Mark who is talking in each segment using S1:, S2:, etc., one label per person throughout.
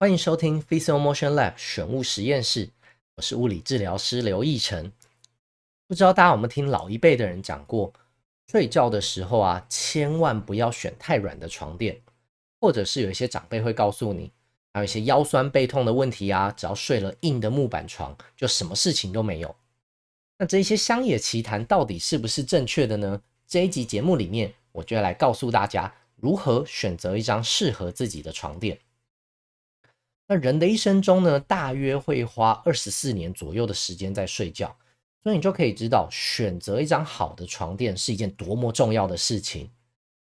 S1: 歡迎收聽 Physio Motion Lab 選物實驗室，我是物理治療師劉義成。不知道大家有沒有聽老一輩的人講過，睡覺的時候啊，千萬不要選太軟的床墊，或者是有一些長輩會告訴你，還、啊、有一些腰酸背痛的問題啊，只要睡了硬的木板床，就什麼事情都沒有。那這些鄉野奇談到底是不是正確的呢？這一集節目裡面，我就要來告訴大家如何選擇一張適合自己的床墊。那人的一生中呢，大約會花二十四年左右的時間在睡覺，所以你就可以知道選擇一張好的床墊是一件多麼重要的事情。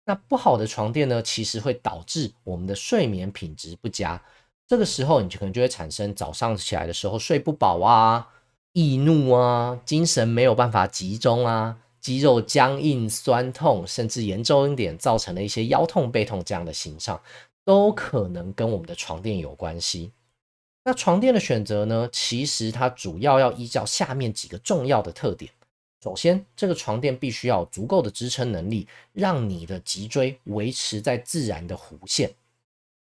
S1: 那不好的床墊呢，其實會導致我們的睡眠品質不佳。這個時候，你就可能就會產生早上起來的時候睡不飽啊、易怒啊、精神沒有辦法集中啊、肌肉僵硬酸痛，甚至嚴重一點，造成了一些腰痛背痛這樣的形象。都可能跟我們的床墊有關係。那床墊的選擇呢，其實它主要要依照下面幾個重要的特點。首先，這個床墊必須要足夠的支撐能力，讓你的脊椎維持在自然的弧線。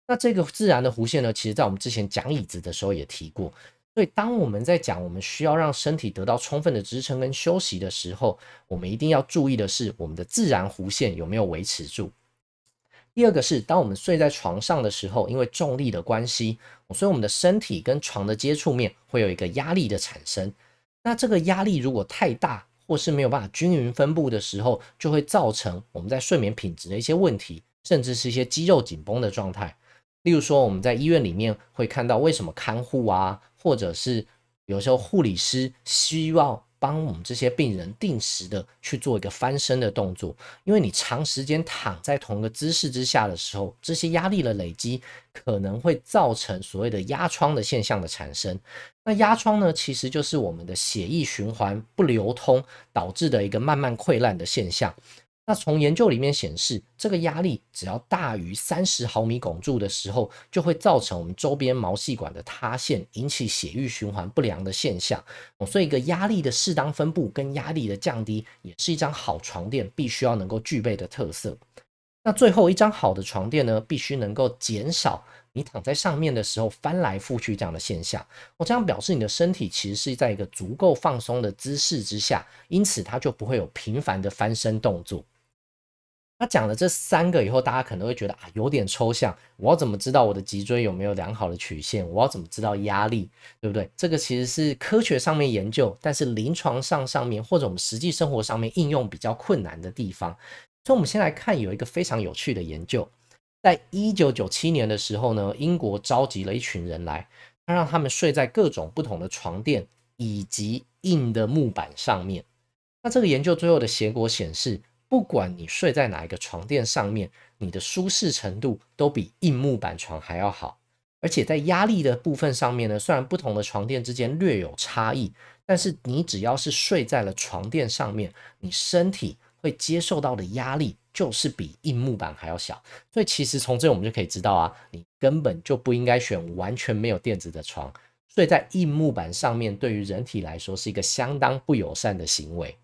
S1: 那這個自然的弧線呢，其實在我們之前講椅子的時候也提過。所以當我們在講我們需要讓身體得到充分的支撐跟休息的時候，我們一定要注意的是我們的自然弧線有沒有維持住。第二個是，當我們睡在床上的時候，因為重力的關係，所以我們的身體跟床的接觸面會有一個壓力的產生。那這個壓力如果太大，或是沒有辦法均勻分布的時候，就會造成我們在睡眠品質的一些問題，甚至是一些肌肉緊繃的狀態。例如說，我們在醫院裡面會看到為什麼看護啊，或者是有時候護理師需要。幫我們這些病人定時的去做一個翻身的動作，因為你長時間躺在同一個姿勢之下的時候，這些壓力的累積可能會造成所謂的壓瘡的現象的產生。那壓瘡呢，其實就是我們的血液循環不流通導致的一個慢慢潰爛的現象。那從研究裡面顯示，這個壓力只要大於三十毫米汞柱的時候，就會造成我們周邊毛細管的塌陷，引起血液循環不良的現象。哦、所以，一個壓力的適當分布跟壓力的降低，也是一張好床墊必須要能夠具備的特色。那最後一張好的床墊呢，必須能夠減少你躺在上面的時候翻來覆去這樣的現象。我、哦、這樣表示，你的身體其實是在一個足夠放鬆的姿勢之下，因此它就不會有頻繁的翻身動作。他講了這三個以後，大家可能會覺得啊，有點抽象。我要怎麼知道我的脊椎有沒有良好的曲線？我要怎麼知道壓力，對不對？這個其實是科學上面研究，但是臨床上上面或者我們實際生活上面應用比較困難的地方。所以，我們先來看有一個非常有趣的研究，在一九九七年的時候呢，英國召集了一群人來，他讓他們睡在各種不同的床墊以及硬的木板上面。那這個研究最後的結果顯示，不管你睡在哪一個床墊上面，你的舒適程度都比硬木板床還要好。而且在壓力的部分上面呢，雖然不同的床墊之間略有差異，但是你只要是睡在了床墊上面，你身體會接受到的壓力就是比硬木板還要小。所以其實從這我們就可以知道啊，你根本就不應該選完全沒有墊子的床。睡在硬木板上面，對於人體來說是一個相當不友善的行為。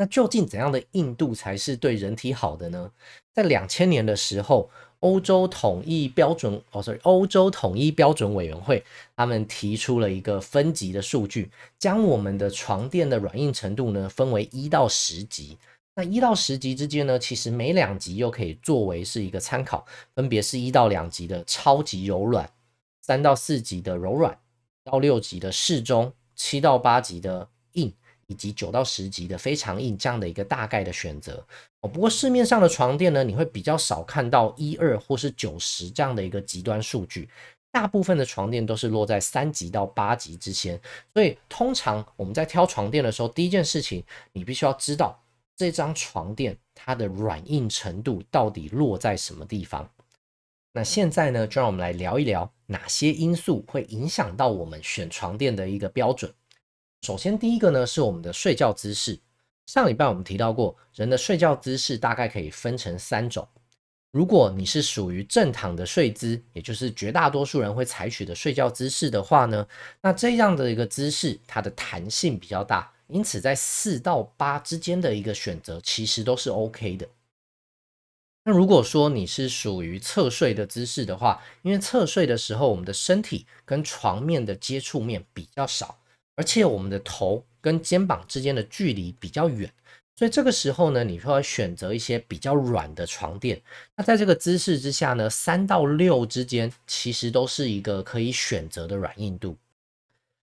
S1: 那究竟怎樣的硬度才是對人體好的呢？在兩千年的時候，歐洲統一標準哦，sorry，歐洲統一標準委員會他們提出了一個分級的數據，將我們的床墊的軟硬程度呢分為一到十級。那一到十級之間呢，其實每兩級又可以作為是一個參考，分別是一到兩級的超級柔軟，三到四級的柔軟，五到六級的適中，七到八級的硬。以及九到十級的非常硬這樣的一個大概的選擇哦。不過市面上的床墊呢，你會比較少看到一二或是九十這樣的一個極端數據，大部分的床墊都是落在三級到八級之間。所以通常我們在挑床墊的時候，第一件事情你必須要知道這張床墊它的軟硬程度到底落在什麼地方。那現在呢，就讓我們來聊一聊哪些因素會影響到我們選床墊的一個標準。首先，第一個呢是我們的睡覺姿勢。上禮拜我們提到過，人的睡覺姿勢大概可以分成三種。如果你是屬於正躺的睡姿，也就是絕大多數人會採取的睡覺姿勢的話呢，那這樣的一個姿勢，它的彈性比較大，因此在四到八之間的一個選擇其實都是 OK 的。那如果說你是屬於側睡的姿勢的話，因為側睡的時候，我們的身體跟床面的接觸面比較少。而且我們的頭跟肩膀之間的距離比較遠，所以這個時候呢，你就要選擇一些比較軟的床墊。那在這個姿勢之下呢，三到六之間其實都是一個可以選擇的軟硬度。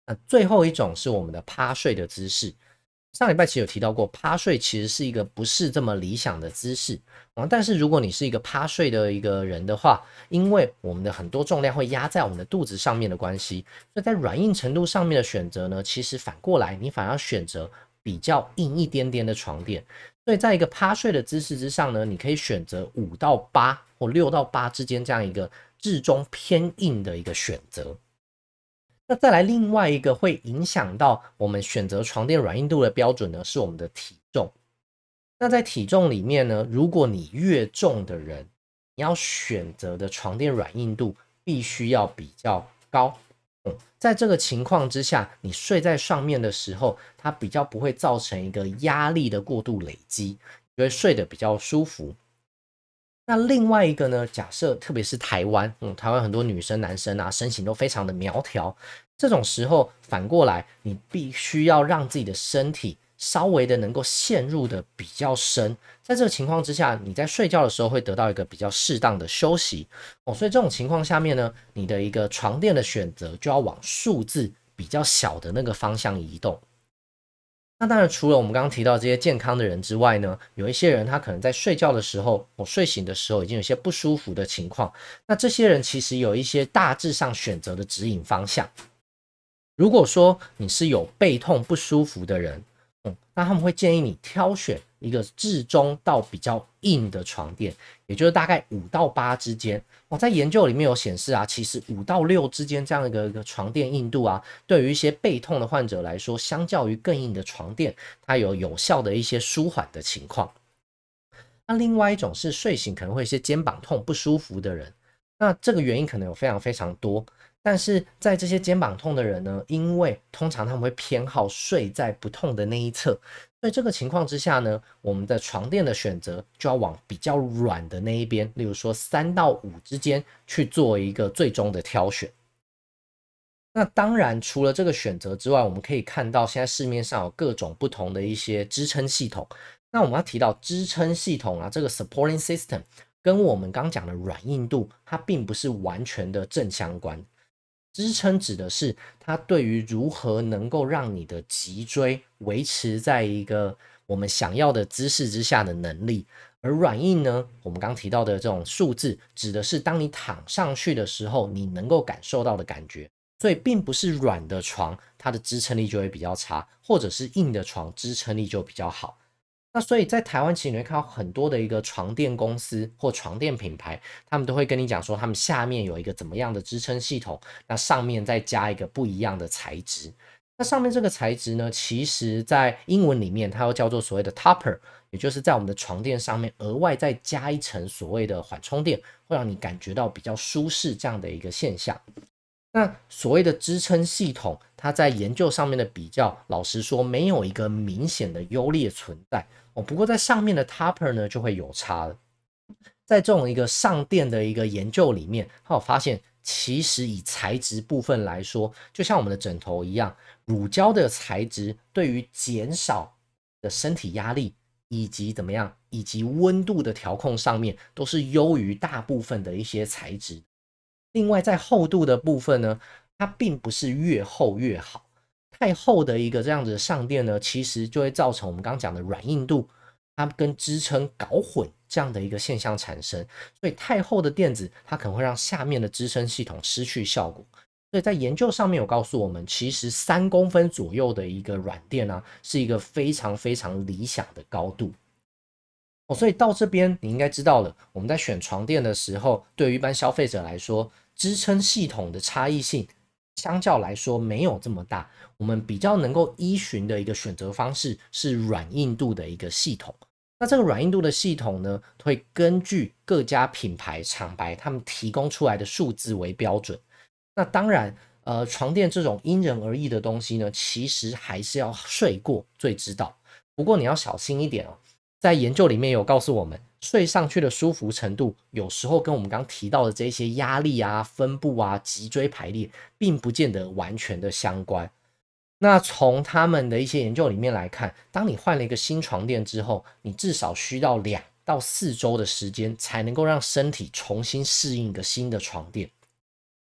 S1: 那最後一種是我們的趴睡的姿勢。上禮拜其實有提到過，趴睡其實是一個不是這麼理想的姿勢啊。但是如果你是一個趴睡的一個人的話，因為我們的很多重量會壓在我們的肚子上面的關係，所以在軟硬程度上面的選擇呢，其實反過來，你反而要選擇比較硬一點點的床墊。所以在一個趴睡的姿勢之上呢，你可以選擇五到八或六到八之間這樣一個適中偏硬的一個選擇。那再來另外一個會影響到我們選擇床墊軟硬度的標準呢，是我們的體重。那在體重裡面呢，如果你越重的人，你要選擇的床墊軟硬度必須要比較高。嗯，在這個情況之下，你睡在上面的時候，它比較不會造成一個壓力的過度累積，你會睡得比較舒服。那另外一個呢，假設特別是台灣，嗯，台灣很多女生、男生啊，身形都非常的苗條。這種時候，反過來，你必須要讓自己的身體稍微的能夠陷入的比較深，在這個情況之下，你在睡覺的時候會得到一個比較適當的休息哦。所以這種情況下面呢，你的一個床墊的選擇就要往數字比較小的那個方向移動。那當然，除了我們剛剛提到這些健康的人之外呢，有一些人他可能在睡覺的時候、哦，我睡醒的時候已經有一些不舒服的情況。那這些人其實有一些大致上選擇的指引方向。如果說你是有背痛不舒服的人，嗯，那他們會建議你挑選一個適中到比較硬的床墊，也就是大概五到八之間。我、哦、在研究裡面有顯示啊，其實五到六之間這樣一個一個床墊硬度啊，對於一些背痛的患者來說，相較於更硬的床墊，它有有效的一些舒緩的情況。那另外一種是睡醒可能會一些肩膀痛不舒服的人，那這個原因可能有非常非常多。但是在這些肩膀痛的人呢，因為通常他們會偏好睡在不痛的那一側，在這個情況之下呢，我們的床墊的選擇就要往比較軟的那一邊，例如說三到五之間去做一個最終的挑選。那當然，除了這個選擇之外，我們可以看到現在市面上有各種不同的一些支撐系統。那我們要提到支撐系統啊，這個 supporting system 跟我們剛剛講的軟硬度，它並不是完全的正相關。支撐指的是它對於如何能夠讓你的脊椎維持在一個我們想要的姿勢之下的能力，而軟硬呢，我們剛提到的這種數字指的是當你躺上去的時候，你能夠感受到的感覺。所以，並不是軟的床它的支撐力就會比較差，或者是硬的床支撐力就比較好。那所以，在台灣其實你會看到很多的一個床墊公司或床墊品牌，他們都會跟你講說，他們下面有一個怎麼樣的支撐系統，那上面再加一個不一樣的材質。那上面這個材質呢，其實在英文裡面它又叫做所謂的 topper，也就是在我們的床墊上面額外再加一層所謂的緩衝墊，會讓你感覺到比較舒適這樣的一個現象。那所謂的支撐系統，它在研究上面的比較，老實說，沒有一個明顯的優劣存在。哦，不過在上面的 topper 呢，就會有差了。在這種一個上墊的一個研究裡面，他有發現，其實以材質部分來說，就像我們的枕頭一樣，乳膠的材質對於減少的身體壓力以及怎麼樣，以及溫度的調控上面，都是優於大部分的一些材質。另外，在厚度的部分呢，它並不是越厚越好。太厚的一個這樣子的上墊呢，其實就會造成我們剛剛講的軟硬度，它跟支撐搞混這樣的一個現象產生。所以太厚的墊子，它可能會讓下面的支撐系統失去效果。所以在研究上面有告訴我們，其實三公分左右的一個軟墊呢，是一個非常非常理想的高度。哦，所以到這邊你應該知道了，我們在選床墊的時候，對於一般消費者來說，支撐系統的差異性，相較來說沒有這麼大，我們比較能夠依循的一個選擇方式是軟硬度的一個系統。那這個軟硬度的系統呢，會根據各家品牌廠牌他們提供出來的數字為標準。那當然，呃，床墊這種因人而異的東西呢，其實還是要睡過最知道。不過你要小心一點哦。在研究裡面有告訴我們，睡上去的舒服程度，有時候跟我們剛剛提到的這些壓力啊、分布啊、脊椎排列，並不見得完全的相關。那從他們的一些研究裡面來看，當你換了一個新床墊之後，你至少需要兩到四周的時間，才能夠讓身體重新適應一個新的床墊。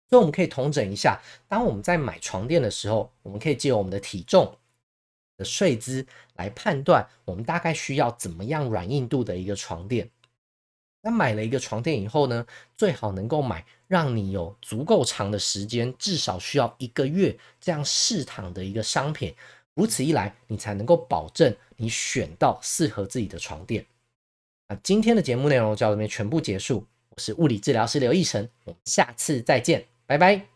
S1: 所以我們可以統整一下，當我們在買床墊的時候，我們可以借由我們的體重、的睡姿來判斷，我們大概需要怎麼樣軟硬度的一個床墊。那買了一個床墊以後呢，最好能夠買讓你有足夠長的時間，至少需要一個月這樣試躺的一個商品。如此一來，你才能夠保證你選到適合自己的床墊。那今天的節目內容就到這邊全部結束，我是物理治療師劉奕晨，我們下次再見，拜拜。